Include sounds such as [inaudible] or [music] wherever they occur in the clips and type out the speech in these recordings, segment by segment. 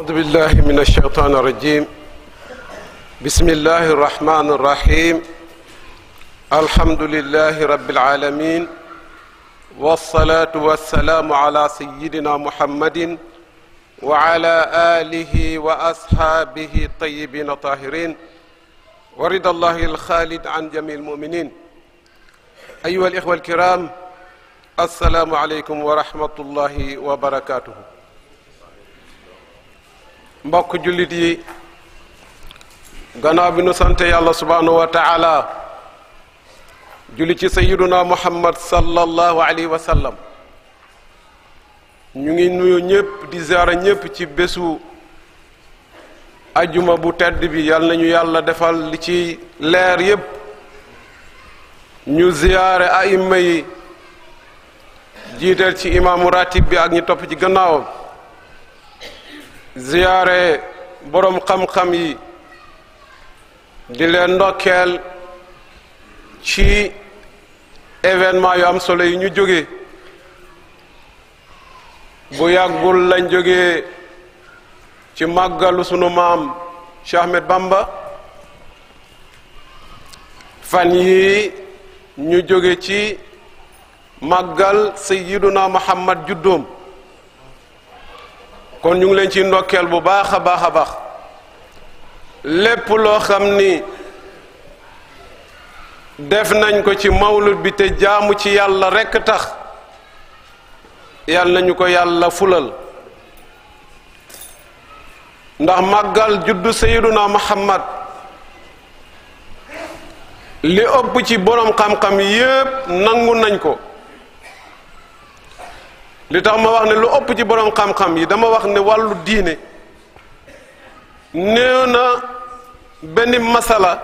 أعوذ بالله من الشيطان الرجيم بسم الله الرحمن الرحيم الحمد لله رب العالمين والصلاة والسلام على سيدنا محمد وعلى آله وأصحابه الطيبين الطاهرين ورد الله الخالد عن جميع المؤمنين أيها الإخوة الكرام السلام عليكم ورحمة الله وبركاته mbokk jullit yi gannaaw bi nu sante yàlla subhaanahu wa taala julli ci sayiduna muhammad sallallahu alayhi wa ñu ngi nuyu ñépp di ziara ñépp ci bésu ajuma bu tedd bi yàlla nañu yàlla defal li ci leer yépp ñu ziyaare aima yi jiital ci imaamu ratib bi ak ñu topp ci gannaawam ziyaare boroom xam-xam yi di leen ndokkeel ci événement yu am solo yi ñu jóge bu yàggul lañ jóge ci màggalu sunu maam Cheikh Ahmed Bamba fan yi ñu jóge ci màggal sayyiduna Muhammad juddoom kon ñu ngi leen ci ndokkeel bu baax a baax a baax lépp loo xam ni def nañ ko ci mawlud bi te jaamu ci yàlla rekk tax yàlla nañu ko yàlla fulal ndax màggal juddu sayiduna muhammad li ëpp ci boroom xam-xam yépp nangu nañ ko li tax ma wax ne lu ëpp ci borom xam-xam yi dama wax ne wàllu diine néew na benn masala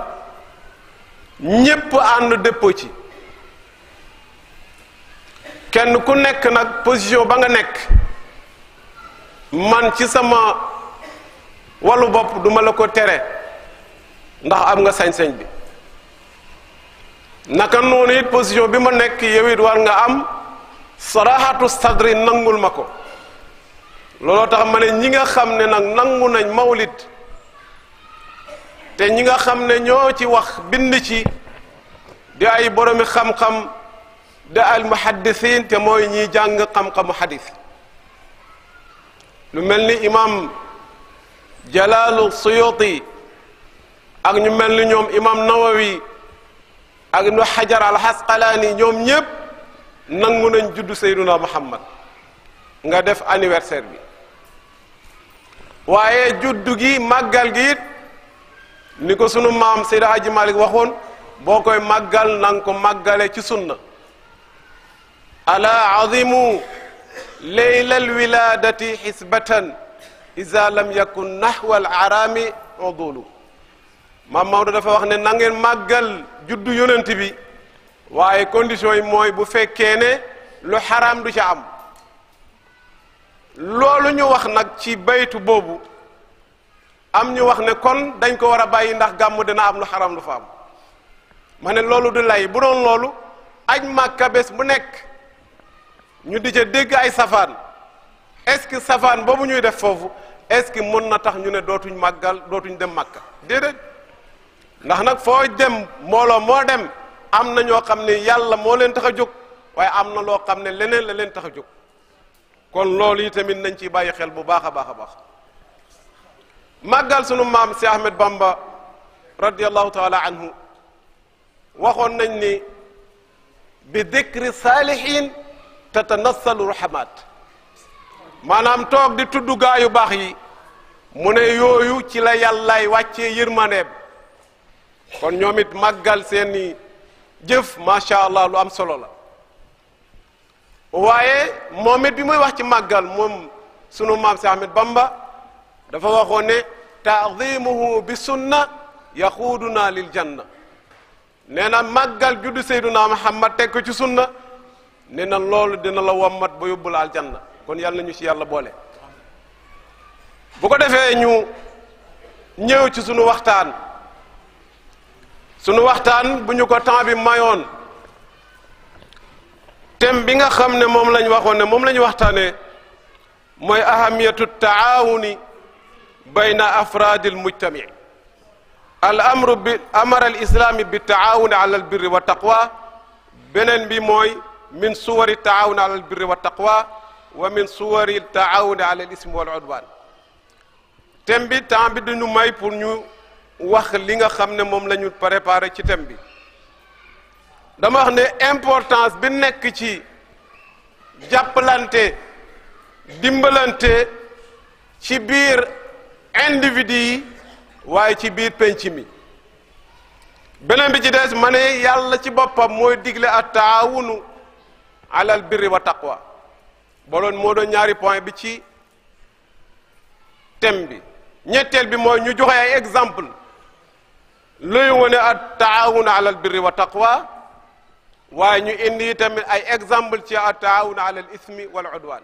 ñépp ànd dëppoo ci kenn ku nekk nag position ba nga nekk man ci sama wallu bopp duma la ko tere ndax am nga sañ-sañ bi naka noonu it position bi ma nekk yow it war nga am saraxatu sadri nangul ma ko looloo tax ma ne ñi nga xam ne nag nangu nañ mawlid te ñi nga xam ne ñoo ci wax bind ci di ay boromi xam-xam di al muhaddisiin te mooy ñiy jàng xam-xamu xadis lu mel ni imam jalaalu suyuti ak ñu mel ni ñoom imam nawawi ak nu xajar al xasqalaani ñoom ñépp nangu nañ juddu Seyduna Muhammad nga def anniversaire bi waaye juddu gi màggal gi ni ko sunu maam Seyda Aji Malik waxoon boo koy màggal na ko màggale ci sunna ala azimu leylal wiladati xisbatan isa lam yakun nahwal arami odulu maam Maodo dafa wax ne nangeen màggal juddu yonent bi waaye condition yi mooy bu fekkee ne lu xaram du ca am loolu ñu wax nag ci baytu boobu am ñu wax ne kon dañ ko war a bàyyi ndax gàmm dina am lu xaram du fa am ma ne loolu du lay bu doon loolu aj màkka bés bu nekk ñu di ca dégg ay safaan est-ce que safaan boobu ñuy def foofu est-ce que mën na tax ñu ne dootuñ màggal dootuñ dem màkka déedéet ndax nag foo dem mbooloo moo dem am na ñoo xam ne yàlla moo leen tax a jóg waaye am na loo xam ne leneen la leen tax a jóg kon loolu yi tamit nañ ci bàyyi xel bu baax a baax a baax màggal sunu maam si Ahmed Bamba radiallahu taala anhu waxoon nañ ni bi dikri saalihin tatanassalu rahmat maanaam toog di tudd gaa yu baax yi mu ne yooyu ci la yàllaay wàccee yërmaneeb kon ñoom it màggal seeni jëf macha allah lu am solo la waaye moom bi muy wax ci màggal moom sunu maam si Ahmed Bamba dafa waxoon ne taadimuhu bi sunna na lil janna nee na màggal juddu Seyduna Muhammad teg ko ci sunna nee na loolu dina la mat ba yóbbu la aljanna kon yàlla na ñu ci yàlla boole bu ko defee ñu ñëw ci sunu waxtaan sunu waxtaan bu ñu ko temps bi mayoon thème bi nga xam ne moom lañu waxoon ne moom la ñu mooy ahamiyatu taawuni bayna afraadi almujtami al amru bi amara al islaami bi taawuni ala albirri wa taqwa beneen bi mooy min suwari taawuni ala albirri wa taqwa wa min suwari taawuni ala al ismi wal udwan thème bi temps bi duñu may pour ñu wax li nga xam ne moom la ñu préparé ci thème bi dama wax ne importance bi nekk ci jàppalante dimbalante ci biir individu yi waaye ci biir penc mi beneen bi ci des mane yàlla ci boppam mooy digle a taawunu alal birri wa taqwa boloon moo doon ñaari point bi ci thème bi ñetteel bi mooy ñu joxe ay exemple luy wone at taawun alal birri wa taqwa waaye ñu indi tamit ay exemple ci at taawun alal ismi wal udwan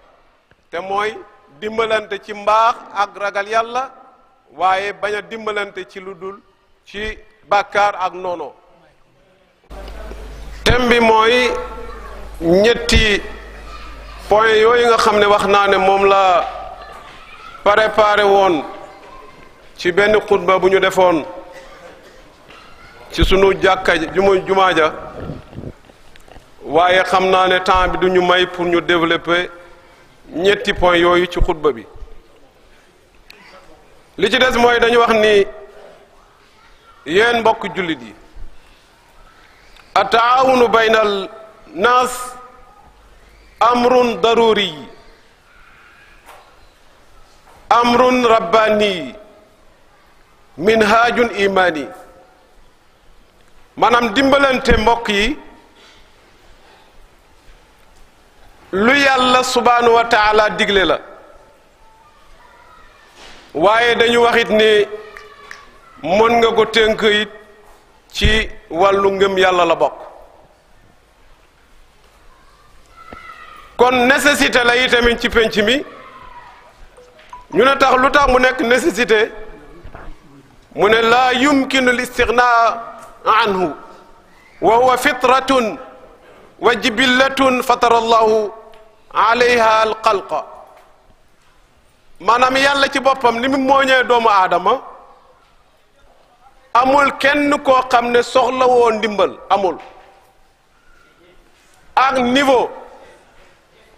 te mooy dimbalante ci mbaax ak ragal yàlla waaye bañ a dimbalante ci ludul ci bàkkaar ak noonoo thème bi mooy ñetti point yooyu nga xam ne wax naa ne moom la préparé woon ci benn xutba bu ñu defoon ci sunu jàkka ju jumaa ja waaye xam naa ne temps bi duñu may pour ñu développer ñetti point yooyu ci xutba bi li ci des mooy dañu wax ni yéen mbokk jullit yi a taawunu baynal naas amrun daruri yi amrun rabbani yi minhajun maanaam dimbalante mbokk yi lu yàlla subaanu wa taala digle la waaye dañu waxit ni mën nga ko tënk it ci wàllu ngëm yàlla la bokk kon nécessité la itamit ci penc mi ñu ne tax lu tax mu nekk nécessité mu ne laa yumkinu l istighnaa anhu wa huwa fitratun wa jibillatun fatara allahu alayha alxalqa maanaam yàlla ci boppam ni mu mooñee doomu aadama amul kenn koo xam ne soxla woo ndimbal amul ak niveau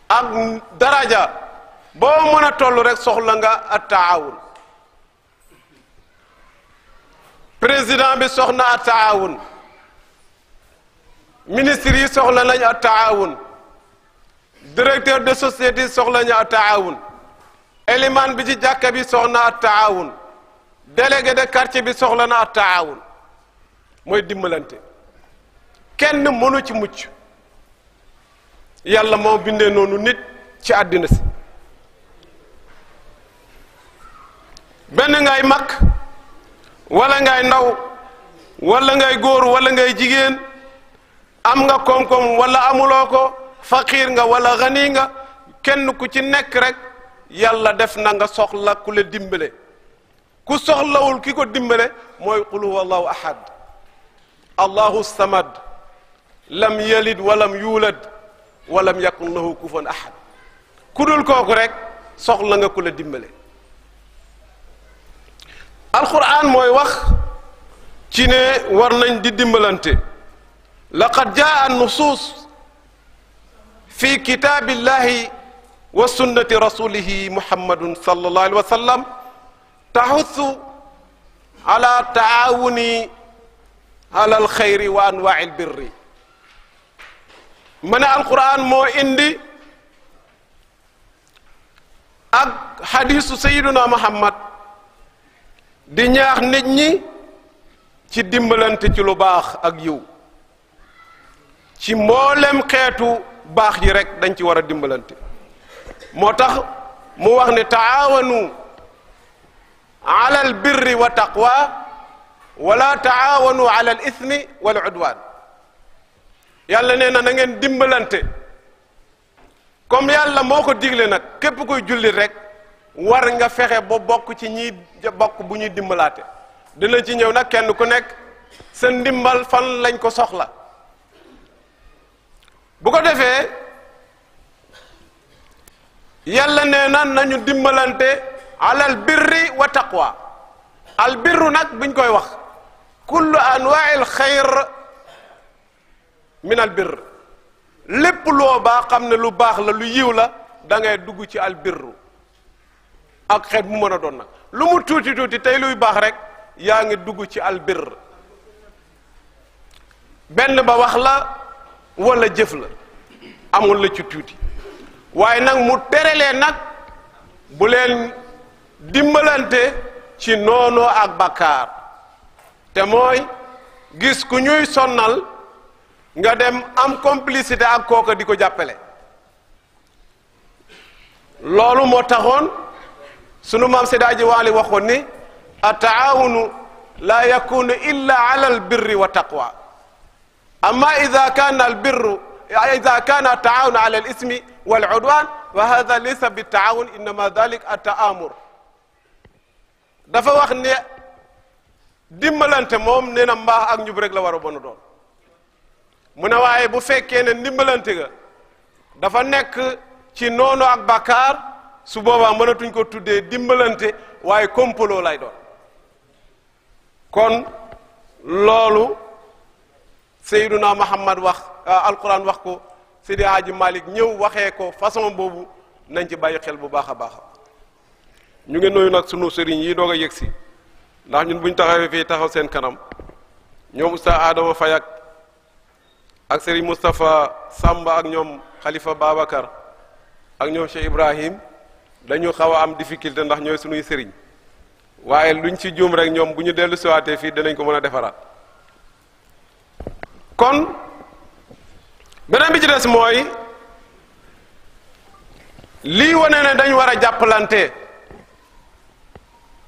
ak daraja boo mën a toll rek soxla nga at taawun président bi soxna a taawun ministre yi soxla nañu a taawun directeur de société yi soxla ñu a taawun élimaan bi ci jàkka bi soxna a taawun délégué de quartier bi soxla na a taawun mooy dimbalante kenn mënu ci mucc yàlla moo bindee noonu nit ci àddina si benn ngay mag walla ngay ndaw wala ngay góor walla ngay jigéen am nga koom-koom wala amuloo ko faqiir nga wala xani nga kenn ku ci nekk rek yàlla def na nga soxla ku le dimbale ku soxlawul ki ko dimbale mooy qul huwa allahu ahad allahu samad lam yalid walam yuulad walam yakun lahu kufan ahad ku dul kooku rek soxla nga ku le dimbale alquran mooy wax ci ne war nañ di dimbalante laqad jaa nusuus fi kitaabillahi wa sunnati rasulihi muhammadun sallallahu alayhi wa sallam taxusu ala taawuni ala alxayri wa anwaai lbirri ma ne alquran moo indi ak xadiisu sayiduna muhammad di ñaax nit ñi ci dimbalante ci lu baax ak yiw ci mboolem xeetu baax yi rek dañ ci war a dimbalante moo tax mu wax ne taawanu ala al birri wa taqwa wala taawanu ala al ismi udwaan yàlla nee na na ngeen dimbalante comme yàlla moo ko digle nag képp koy jullit rek war nga fexe ba bokk ci ñiy bokk bu ñuy dimbalaate dina ci ñëw nag kenn ku nekk sa ndimbal fan lañ ko soxla bu ko defee yàlla nee na nañu dimbalante alal birri wa taqwa al birru nag buñ koy wax kullu anwaa'il xayr min al birr lépp loo baa xam ne lu baax la lu yiw la dangay dugg ci al birru ak xeet mu mën a doon nag lu mu tuuti tuuti tey luy baax rek yaa ngi dugg ci albir benn ba wax la wala jëf la amul la ci tuuti waaye nag mu terelee nag bu leen dimbalante ci noonoo ak bàkkaar te mooy gis ku ñuy sonnal nga dem am complicité ak kooka di ko jàppale loolu moo taxoon sunu maam Sédaaji Waali waxoon ni a taawunu laa yakunu illa ala albirri wa taqwa amma ida kana albirru ida kana ataawunu ala alismi waludwan wa hada laysa bitaawun innama dalik a taamur dafa wax ne dimbalante moom nee na mbaax ak njub rek la war a bon doon mu ne waaye bu fekkee ne ndimbalante ga dafa nekk ci noonu ak bàkkaar su boobaa mënatuñ ko tuddee dimbalante waaye kompaloo lay doon kon loolu Seyduna Muhammad wax euh, alquran wax ko Seydi Aji Malik ñëw waxee ko façon boobu nañ ci bàyyi xel bu baax a baax ñu ngi nuyu nag sunu sëriñ yi doog a yëg si ndax ñun buñ taxawee fii taxaw seen kanam ñoom Oustaz Adama Faye ak sëriñ Moustapha Samba ak ñoom xalifa Babacar ak ñoom Cheikh Ibrahim dañu xaw a am difficulté ndax ñooy suñuy sëriñ waaye luñ ci juum rek ñoom bu ñu dellu siwaatee fii danañ ko mën a defaraat kon beneen bi ci des mooy lii wane ne dañ war a jàppalante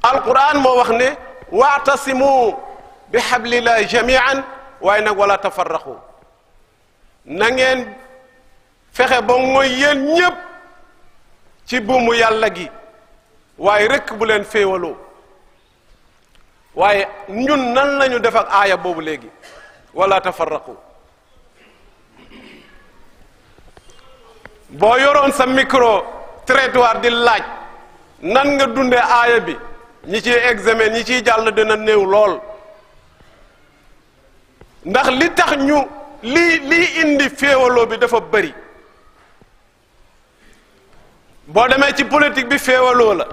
alquran moo wax ne waatasimu bi xablillahi jamian waaye nag wala tafarraqu na ngeen fexe ba mooy yéen ñépp ci buumu yàlla gi waaye rekk bu leen féewaloo waaye ñun nan lañu def aaya boobu léegi wala tafarraqu boo yoroon sa micro trottoir di laaj nan nga dunde aaya bi ñi ciy examen ñi ciy jàll dina néew lool ndax li tax ñu lii lii indi féewaloo bi dafa bari boo demee ci politique bi féewaloo la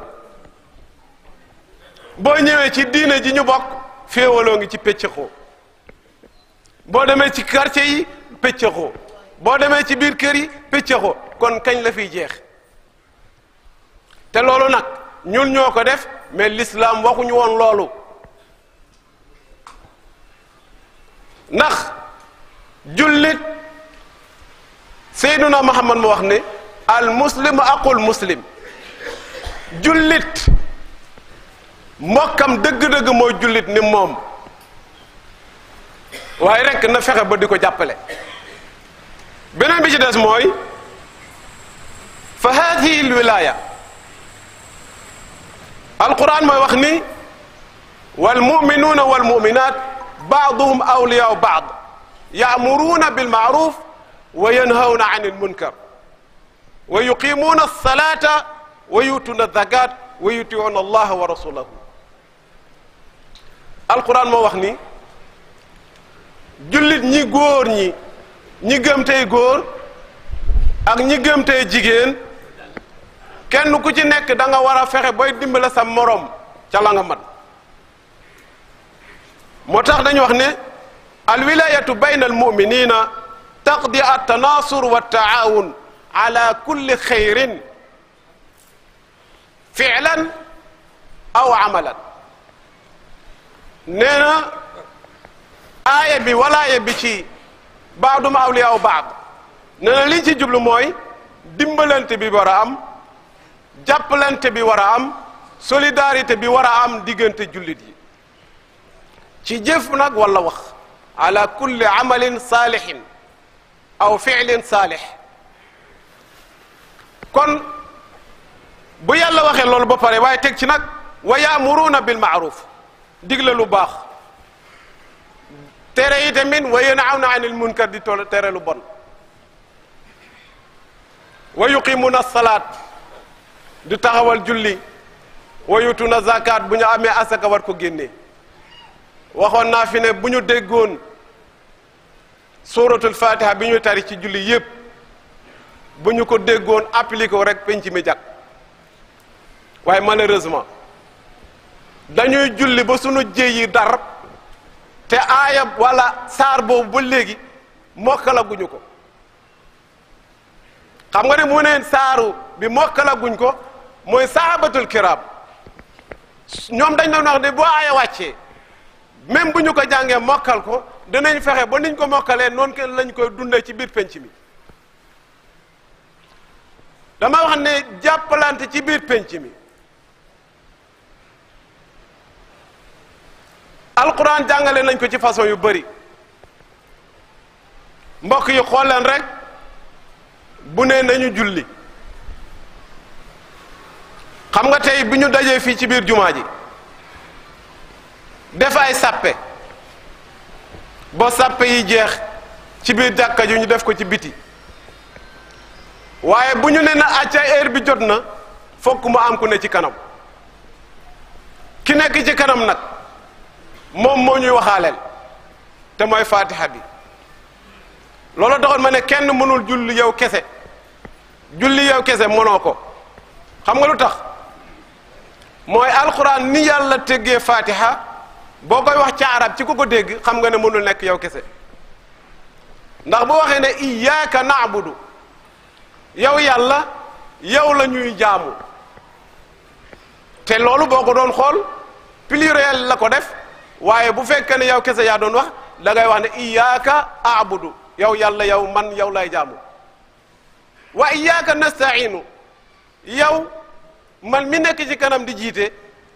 boo ñëwee ci diine ji ñu bokk féewaloo ngi ci pëccëxoo boo demee ci quartier yi pëccëxoo boo demee ci biir kër yi pëccëxoo kon kañ la fiy jeex te loolu nag ñun ñoo ko def mais l'islam waxuñu woon loolu ndax jullit Seyduna Muhammad mu wax ne al muslimu aqul muslim jullit mbokkam dëgg-dëgg mooy jullit ni moom waaye rekk na fexe ba di ko jàppale beneen bi ci des mooy fa haadihi al wilaaya alquran mooy wax ni wal muminuuna wal muminaat baaduhum awliyaau baad yaamuruuna bilmaaruf wa yanhawna an il munkar wa yuqimuuna alsalata wa yutuuna zakat wa yutiuuna allaha wa rasulahu alquran moo wax ni jullit ñi góor ñi ñi gëm góor ak ñi gëm jigéen kenn ku ci nekk danga nga war a fexe booy dimbale sa morom ca la mat moo tax dañu wax ne alwilayatu bayna almuminina taqdi at tanasur wa taawun ala kulli xayrin filan aw amalan nee na aaya bi walaaya bi ci baaduma awliyaaw baad nee na liñ ci jublu mooy dimbalante bi war a am jàppalante bi war a am solidarité bi war a am diggante jullit yi ci jëf nag wala wax ala kulli amalin saalihin aw filin saalih kon bu yàlla waxee loolu ba pare waaye teg ci nag wa yaamuruuna bil maaruf digle lu baax tere yi tamit wa yanhawna anil munkar di toll tere lu bon wa yuqimuuna salaat di taxawal julli wa yutuuna zakat bu ñu amee asaka war ko génnee waxoon naa fi ne bu ñu déggoon suuratul fatiha bi ñu tari ci julli yépp bu ñu ko déggoon appliqué ko rek penc mi jag waaye malheureusement dañuy julli ba sunu jéy yi dar te aaya wala saar boobu ba léegi mokkalaguñu ko xam nga ne mu neen saaru bi mokkalaguñ ko mooy sahabatul kiram ñoom dañ doon wax ne boo aaya wàccee même bu ñu ko jàngee mokkal ko dinañ fexe ba niñ ko mokkalee noonu kenn lañu koy dundee ci biir penc mi dama wax ne jàppalante ci biir pénc mi alquran jàngale nañ ko ci façon yu bari mbokk yi xool leen rek bu ne nañu julli xam nga tey bi ñu dajee fii ci biir jumaa ji def ay sàppe ba sàppe yi jeex ci biir jàkka ju ñu def ko ci biti waaye bu ñu ne na acca heure bi jot na fokk mu am ku ne ci kanam ki nekk ci kanam nag moom moo ñuy waxaaleel te mooy fatiha bi loolu taxoon ma ne kenn mënul julli yow kese julli yow kese mënoo ko xam nga lu tax mooy alxuraan ni yàlla teggee fatiha boo koy wax ci ci ku ko dégg xam nga ne mënul nekk yow kese ndax bu waxee ne iyyaka na'budu yow yàlla yow lañuy ñuy jaamu te loolu boo ko doon xool pluriel la ko def waaye bu fekkee ne yow kese yaa doon wax da wax ne iyyaka a'budu yow yàlla yow man yow lay jaamu wa iyyaka nasta'inu yow man mi nekk ci kanam di jiite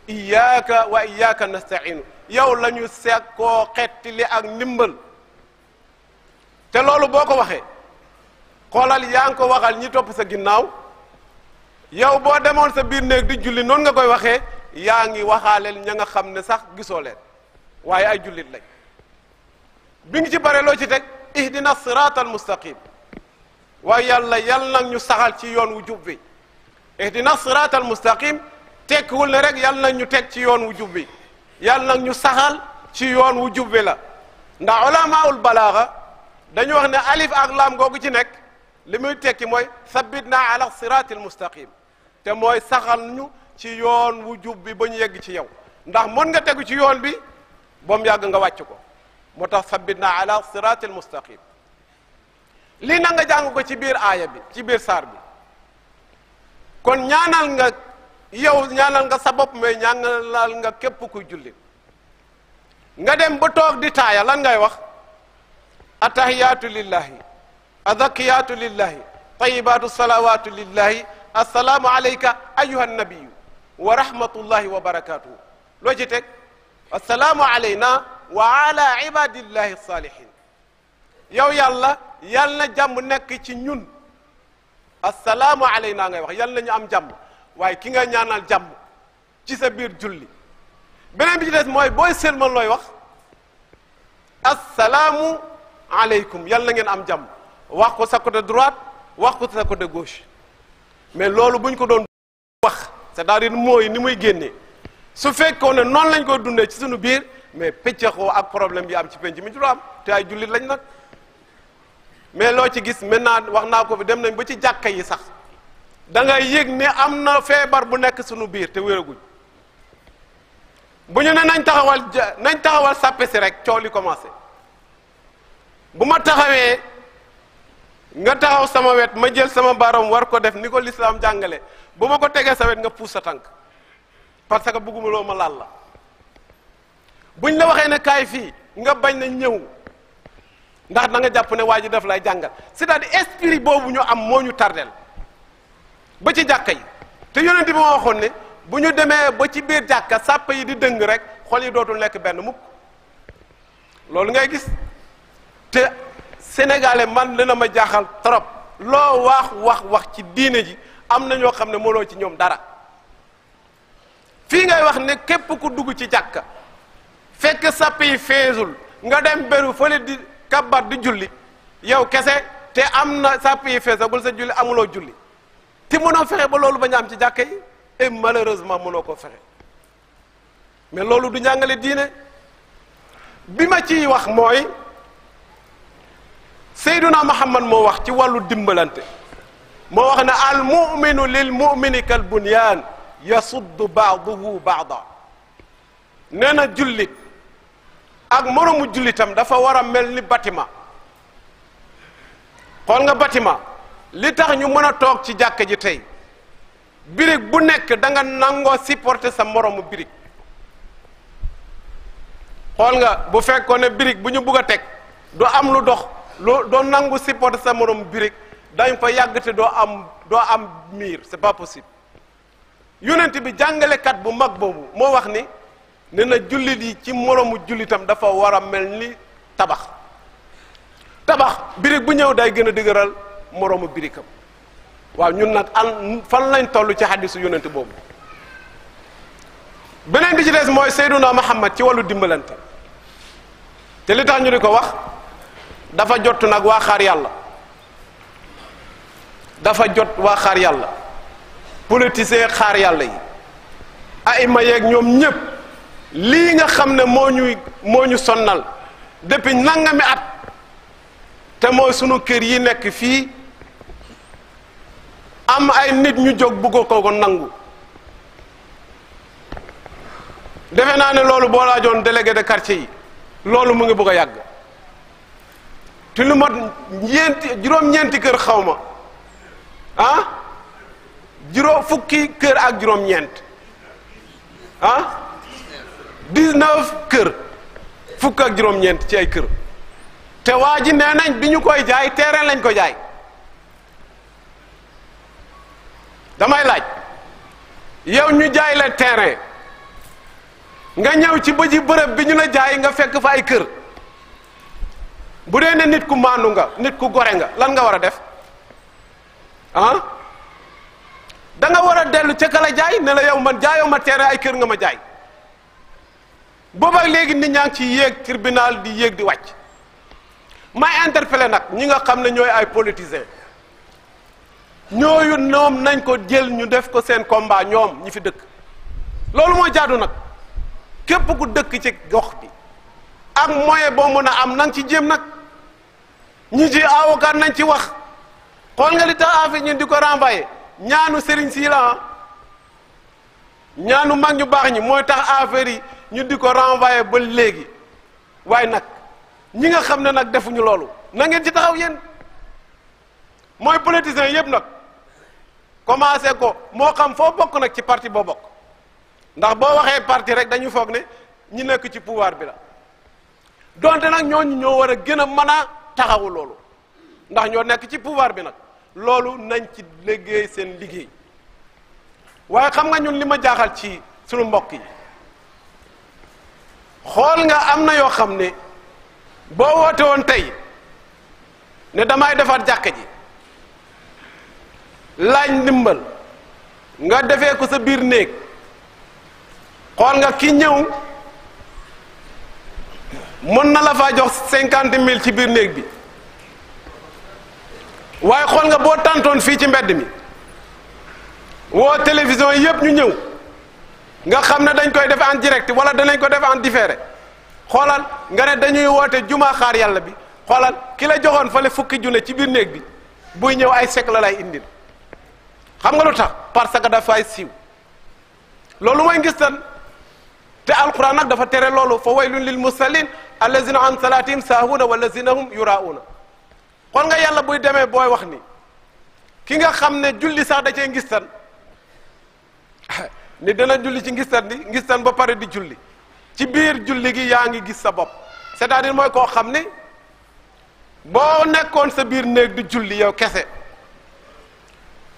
iyyaka wa iyyaka nasta'inu yow la ñu seeg koo xettili ak ndimbal te loolu boo ko waxee xoolal yaa ngi ko waxal ñi topp sa ginnaaw yow boo demoon sa biir néeg di julli noonu nga koy waxee yaa ngi waxaaleel ña nga xam ne sax gisoo leen waaye ay jullit lañ bi ngi ci bare loo ci teg ihdina siraat al mustaqim waaye yàlla yàlla nag ñu saxal ci yoon wu jub bi ihdina siraat al mustaqim tekkiwul ne rek yàlla nag ñu teg ci yoon wu jub bi yàlla nag ñu saxal ci yoon wu jub wi la ndax ulamaul balaaxa dañu wax ne alif ak laam googu ci nekk li muy tekki mooy sabbit naa ala siratil mustaqim te mooy saxal ñu ci yoon wu jub bi ba ñu yegg ci yow ndax mën nga tegu ci yoon bi ba yàgg nga wàcc ko moo tax sabbit naa ala siratil mustaqim lii na nga jàng ko ci biir aaya bi ci biir saar bi kon ñaanal nga yow ñaanal nga sa bopp mais ñaanal nga képp kuy jullit nga dem ba toog di taaya lan ngay wax attahiyaatu lillahi azakiyaatu lillahi tayibaatu salawaatu lillahi assalaamu alayka ayuha nabiyu wa wa barakaatuhu loo ci teg assalaamu alayna wa ala ibadillahi salihin yow yàlla yal na jàmm nekk ci ñun assalaamu alayna ngay wax yal na ñu am jàmm waaye ki nga ñaanal jàmm ci sa biir julli beneen bi ci des mooy booy sëlmal looy wax assalaamu aleykum yal na ngeen am jàmm wax ko sa côté droite wax ko sa de gauche mais loolu bu ñu ko doon wax c'est-à-dire mooy ni muy génnee su fekkoon ne noonu lañ koy dundee ci suñu biir mais pëccëxoo ak problème yi am ci penc mi du am te ay jullit lañ nag mais loo ci gis maintenant wax naa ko fi dem nañ ba ci jàkka yi sax da ngay yëg ne am na feebar bu nekk suñu biir te wéraguñ bu ñu ne nañ taxawal nañ taxawal sàppe si rek coow li commencé bu ma taxawee. nga taxaw sama wet ma jël sama baaraam war ko def ni ko lislaam jàngale bu ma ko tegee sa wet nga puus sa tànk parce que bëgguma ma laal la buñ la waxee ne kaay fii nga bañ ne ñëw ndax na nga jàpp ne waa ji daf lay jàngal cest à esprit boobu ñu am moo ñu tardeel ba ci jàkka yi te yonent bi ma waxoon ne bu ñu demee ba ci biir jàkka sàpp yi di dëng rek xol yi dootul nekk benn mukk loolu ngay gis te sénégalais man dina ma jaaxal trop loo wax wax wax ci diine ji am na ñoo xam ne mënoo ci ñoom dara fii ngay wax ne képp ku dugg ci jàkka fekk sapp yi feesul nga dem beru fële di kabbat di julli yow kese te am na sapp yi feesagul sa julli amuloo julli te mënoo fexe ba loolu ba ñu am ci jàkka yi et malheureusement mënoo ko fexe mais loolu du njàngale diine bi ma ciy wax mooy seyduna muhammad moo wax ci wàllu dimbalante moo wax ne al muminu lil mumini kal bunyaan yasuddu baaduhu baada nee na jullit ak moroomu jullitam dafa war a mel ni bâtiment xool nga bâtiment li tax ñu mën a toog ci jàkk ji tey birig bu nekk danga nangoo supporter sa moroomu birig xool nga bu fekkoon ne birig bu ñu bugg a teg du am lu dox loo doo nangu supporter sa moroomu birig dañ fa yàgg te doo am doo am miir c'est pas possible yonent bi jàngalekat bu mag boobu moo wax ni ne na jullit yi ci moromu jullitam dafa war a mel ni tabax tabax birig bu ñëw day gën a dëgëral moroomu birikam waaw ñun nag an fan lañ toll ci xadisu yonent boobu beneen bi ci des mooy Seyduna Muhammad ci wàllu dimbalante te li tax ñu di ko wax dafa jot nag waa xaar yàlla dafa jot waa xaar yàlla politicien xaar yàlla yi ay ma yeeg ñoom ñépp lii nga xam ne moo ñuy moo ñu sonnal depuis nangami at te moo sunu kër yi nekk fii am ay nit ñu jóg bugg ko nangu defe naa ne loolu boo laajoon délégué de quartier yi loolu mu ngi bugg a yàgg te lu mat ñeenti juróom-ñeenti kër xaw ma ah juróom fukki kër ak juróom-ñeent ah dix kër fukk ak juróom-ñeent ci ay kër te waa ji nee nañ bi ñu koy jaay terrain lañ ko jaay damay laaj yow ñu jaay la terrain nga ñëw ci ba ci bërëb bi ñu la jaay nga fekk fa ay kër bu dee ne nit ku maandu nga nit ku gore nga lan nga war a def ah danga war a dellu ca kala jaay ne la yow man jaayoo ma terrain ay kër nga ma jaay booba léegi nit ñaa ngi ci yéeg tribunal di yéeg di wàcc may interpellé nag ñi nga xam ne ñooy ay politisé ñooyu ñoom nañ ko jël ñu def ko seen combat ñoom ñi fi dëkk loolu mooy jaadu nag képp ku dëkk ci gox bi ak moyen boo mën a am na ci jéem nag ñi ci avocat nañ ci wax xool nga li tax affaire ñun di ko renvoyé ñaanu sëriñ si la ah. ñaanu mag ñu baax ñi mooy tax affaire yi ñu di ko renvoyé ba léegi waaye nag ñi nga xam ne nag defuñu loolu na ngeen ci taxaw yéen mooy politiciens yëpp nag commencé ko moo xam foo bokk nag ci parti boo bokk ndax boo waxee parti rek dañu foog ne ñi nekk ci pouvoir bi la donte nag ñooñu ñoo war gën a mën taxawu loolu ndax ñoo nekk ci pouvoir bi nag loolu nañ ci liggéey seen liggéey waaye xam nga ñun li ma jaaxal ci suñu mbokk yi xool nga am na yoo xam ne boo woote woon tey ne damay defar jàkka ji laaj ndimbal nga defe ko sa biir néeg xool nga ki ñëw mën na la fa jox cinquante mille ci biir néeg bi waaye xool nga boo tàntoon fii ci mbedd mi woo télévision yëpp ñu ñëw nga xam ne dañ koy def en direct wala danañ ko def en différé xoolal nga ne dañuy woote jumaa xaar yàlla bi xoolal ki la joxoon fale fukki junne ci biir néeg bi buy ñëw ay sec la lay indil xam nga lu tax parce que dafay siiw loolu mooy ngis tan te alquran nag dafa tere loolu fa waylun lil musallin allazina an salaatihim saahuuna wallazina hum yuraauuna kon nga yàlla buy demee booy wax ni ki nga xam ne julli sax da cee ngistan [laughs] ni dana julli ci ngistan ni ngistan ba pare di julli ci biir julli gi yaa ngi gis sa bopp cest à mooy koo xam ni boo nekkoon sa biir néeg di julli yow kese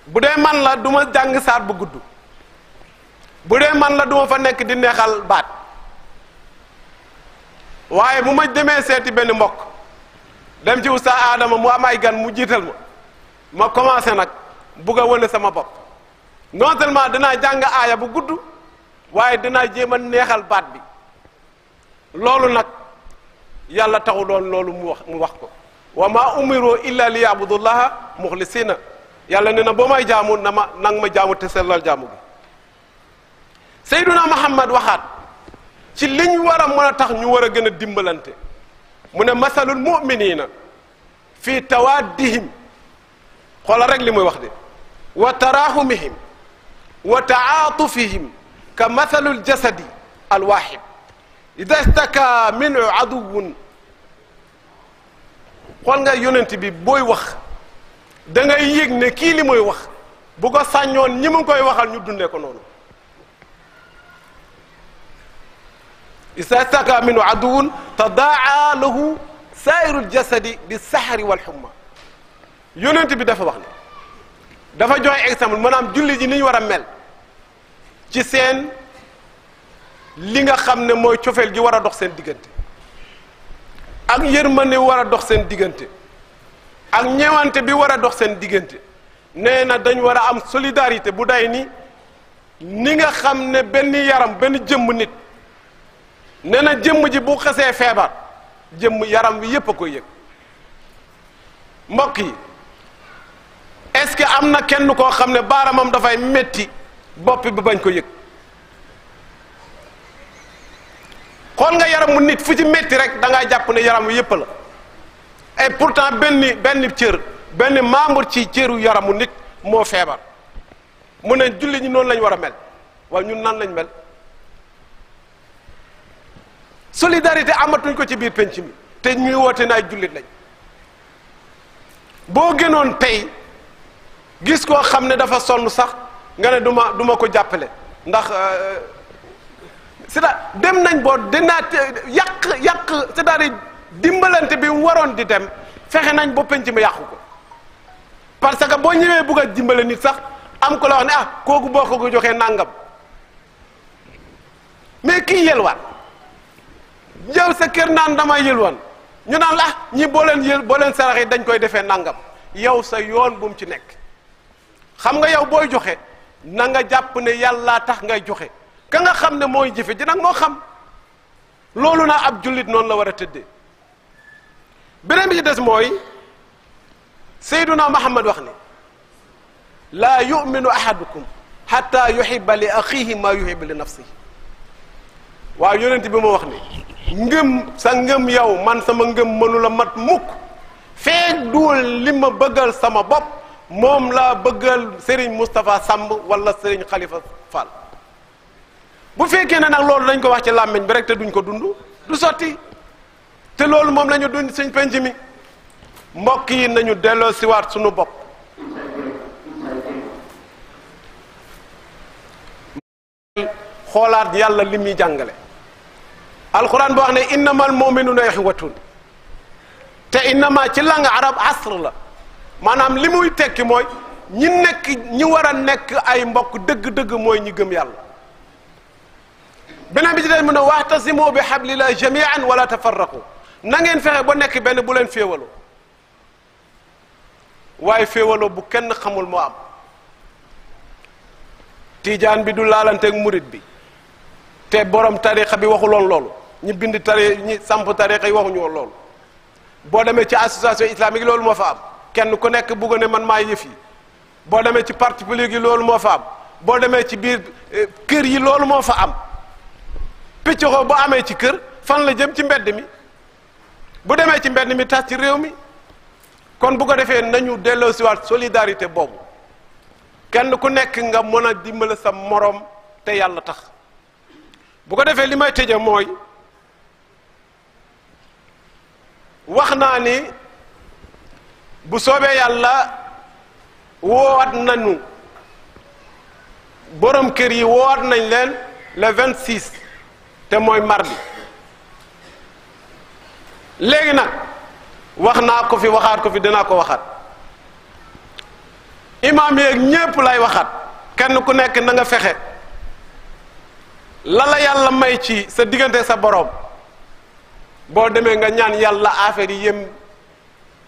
bu dee man la duma ma jàng saar bu gudd bu dee man la du fa nekk di neexal baat waaye bu ma demee seeti benn mbokk dem ci usta aadama mu am ay gan mu jiital ma ma commencé nag bugg a wane sama bopp non seulement dinaa jàng aaya bu gudd waaye danaa jéem a neexal baat bi loolu nag yàlla taxu doon loolu mu wax mu wax ko wa ma umiru illa li yabudullaha muxlisina yàlla ne na boo may jaamu na ma nang ma jaamu te sellal jaamu gi seyduna muhammad waxaat ci liñ war a mën a tax ñu war a gën a dimbalante mu ne masalul muminina fii tawaddihim xoolal li muy wax de wa tarahumihim wa taatufihim ka masalul jasadi alwaahid ida staka minhu aduwun xool nga yonent bi booy wax da ngay yëg ne kii li muy wax bu ko sàññoon ñi mu koy waxal ñu dundee ko noonu isa staka minhu aduwun tadaa lahu sairul jasadi bi sahari wal xumma yonent bi dafa wax ne dafa joxe exemple manaam julli ji ni ñu war a mel ci seen li nga xam ne mooy cofeel gi war a dox seen diggante ak yërmande war a dox seen diggante ak ñewante bi war a dox seen diggante nee na dañ war a am solidarité bu day ni ni nga xam ne benn yaram benn jëmm nit nee na jëmm ji bu xasee feebar jëmm yaram wi yépp a koy yëg mbokk yi est-ce que am na kenn koo xam ne baaramam dafay metti boppi ba bañ ko yëg xool nga yaramu nit fu ci metti rek dangay ngay jàpp ne yaram wi yépp la et pourtant benn benn cër benn membre ci cëru yaramu nit moo feebar mu ne julli ñi noonu lañ war a mel waaye ñun nan lañ mel solidarité amatuñ ko ci biir pénc mi te ñuy woote naay jullit lañ boo gënoon tey gis koo xam ne dafa sonn sax nga ne du duma ko jàppale ndax euh, cest dem nañ boo dinaa yàq yàq cest à dimbalante bi mu waroon di dem fexe nañ ba penc mi yàqu ko parce que boo ñëwee bugg a dimbale nit sax am ko la wax ne ah kooku boo ko joxee nàngam mais kii yelwaat yow sa kër naan damay yëlwan ñu naan la ñi boo leen yël boo leen dañ koy defee nangam yow sa yoon bu mu ci nekk xam nga yow booy joxe na nga jàpp ne yàllaa tax ngay joxe ka nga xam ne mooy jëfe ji nag xam loolu naa ab jullit noonu la war a tëddee beneen bi ci des mooy sayduna muhammad wax ne laa yuminu ahadukum xatta yuhiba li axihi maa yuhibu li nafsihi waaw yonent bi moo wax ne ngëm sa ngëm yow man sama ngëm mënula mat mukk feeg du li ma bëggal sama bopp moom laa bëggal Serigne mustafa Samb wala sëriñ xalifa Fall bu fekkee ne nag loolu lañ ko wax ci làmmiñ bi rek te duñ ko dund du sotti te loolu moom lañu dund suñ penc mi mbokk yi nañu delloo siwaat sunu bopp xoolaat yàlla li muy jàngale alquran boo wax ne innamal muminuna ixwatun te innama ci langue arab asr la maanaam li muy tekki mooy ñi nekk ñi war a nekk ay mbokk dëgg-dëgg mooy ñi gëm yàlla beneen bi ci des mu ne waxtasimu bi xablillahi jamian wala tafarraqu nangeen fexe ba nekk benn bu leen féewaloo waaye féewaloo bu kenn xamul moo am tiijaan bi du laalanteeg murit bi te borom tarixa bi waxuloon loolu ñu bind tari ñi samp tarixa yi waxuñu woon loolu boo demee ci association islamique loolu moo fa am kenn ku nekk bugg ne man maa yëf yi boo demee ci parti politique yi loolu moo fa am boo demee ci biir eh, kër yi loolu moo fa am piccxoo bu amee ci kër fan la jëm ci mbedd mi bu demee ci mbedd mi tas ci réew mi kon bu ko defee nañu delloo delloosiwaat solidarité boobu kenn ku nekk nga mën a dimbale sa moroom te yàlla tax bu ko defee li may tëje mooy wax naa ni bu soobee yàlla woowaat nañu borom kër yi woo woowaat nañ leen la vingt six te mooy mardi léegi nag wax naa ko fi waxaat ko fi dinaa ko waxaat imaam yeeg ñépp lay waxaat kenn ku nekk na nga fexe la la yàlla may ci sa diggante sa boroom boo demee nga ñaan yàlla affaire yi yem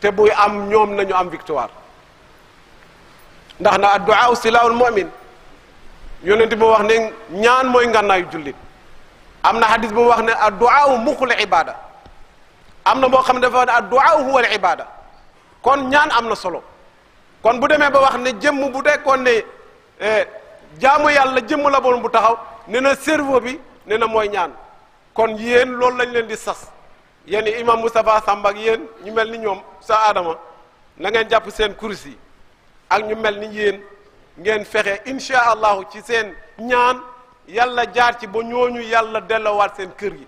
te buy am ñoom nañu am victoire ndax na addu'a silaahul mu'min yonent bi wax ne ñaan mooy ngànnaayu jullit am na xadis bu wax ne addu'a muxul ibada am na boo xam ne dafa wax ne addu'a huwa al ibada kon ñaan am na solo kon bu demee ba wax ne jëmm bu dekkoon ne eh, jaamu yàlla jëmm la boon bu taxaw ne na cerveau bi ne na mooy ñaan kon yéen loolu lañ leen di sas yéen imam Moustapha Samba ak yéen ñu mel ni ñoom sa Adama na ngeen jàpp seen kursi yi ak ñu mel ni yéen ngeen fexe incha allahu ci seen ñaan yàlla jaar ci ba ñu yàlla dellowaat seen kër gi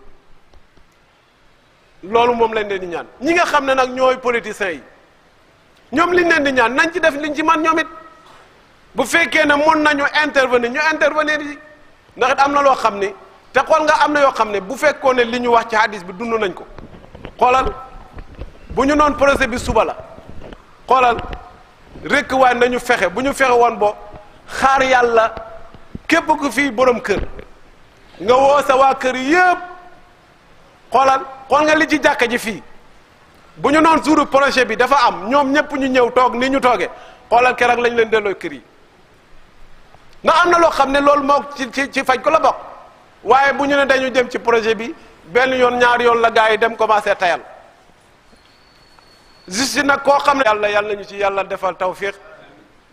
loolu moom lañ leen di ñaan ñi nga xam ne nag ñooy politiciens yi ñoom liñ leen di ñaan nañ ci def liñ ci man ñoom it bu fekkee ne mun nañu intervenir ñu intervenir yi ndax am na loo xam ne te xool nga am na yoo xam ne bu fekkoon ne li ñu wax ci hadis bi dund nañ ko xoolal bu ñu noon projet bi suba la xoolal rekk waaye nañu fexe bu ñu fexe woon bo xaar yàlla képp ku fii boroom kër nga woo waa kër yëpp xoolal xool nga li ci jàkka ji fii bu ñu noon suuru projet bi dafa am ñoom ñëpp ñu ñëw toog ni ñu toogee xoolal keroog lañu leen delloo kër yi ndax am na loo xam ne loolu moo ci ci ci faj ko la bokk waaye bu ñu ne dañu jëm ci projet bi benn yoon ñaar yoon la gars yi dem commencé tayal juste nag koo xam ne yàlla yàlla nañu ci yàlla defal tawfiq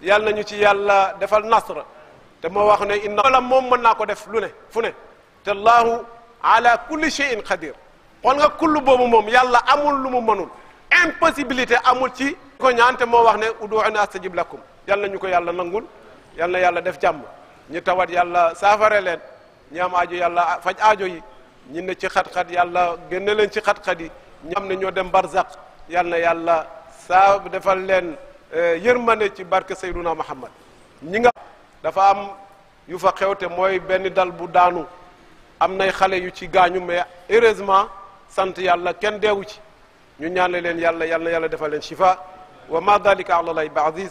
yàlla nañu ci yàlla defal nasr te moo wax ne inna moom mën naa ko def lu ne fu ne te laahu ala kulli shay'in qadir xool nga kullu boobu moom yàlla amul lu mu mënul impossibilité amul ci ko ñaan te moo wax ne ud'uuni astajib lakum yàlla ñu ko yàlla nangul yal na yàlla def jàmm ñu tawat yàlla saafare leen ñi am aajo yàlla faj ajo yi ñi ne ci xat-xat yàlla génne leen ci xat-xat yi ñi am ne ñoo dem barzak yal na yàlla saa defal leen eh, ne ci barke Seydouna Muhammad ñi nga dafa am yu fa xewte mooy benn dal bu daanu am nay xale yu ci gaañu mais heureusement sant yàlla kenn deewu ci ñu ñaanle leen yàlla yàlla yàlla defal leen shifa wa ma dalika ala lay bi aziz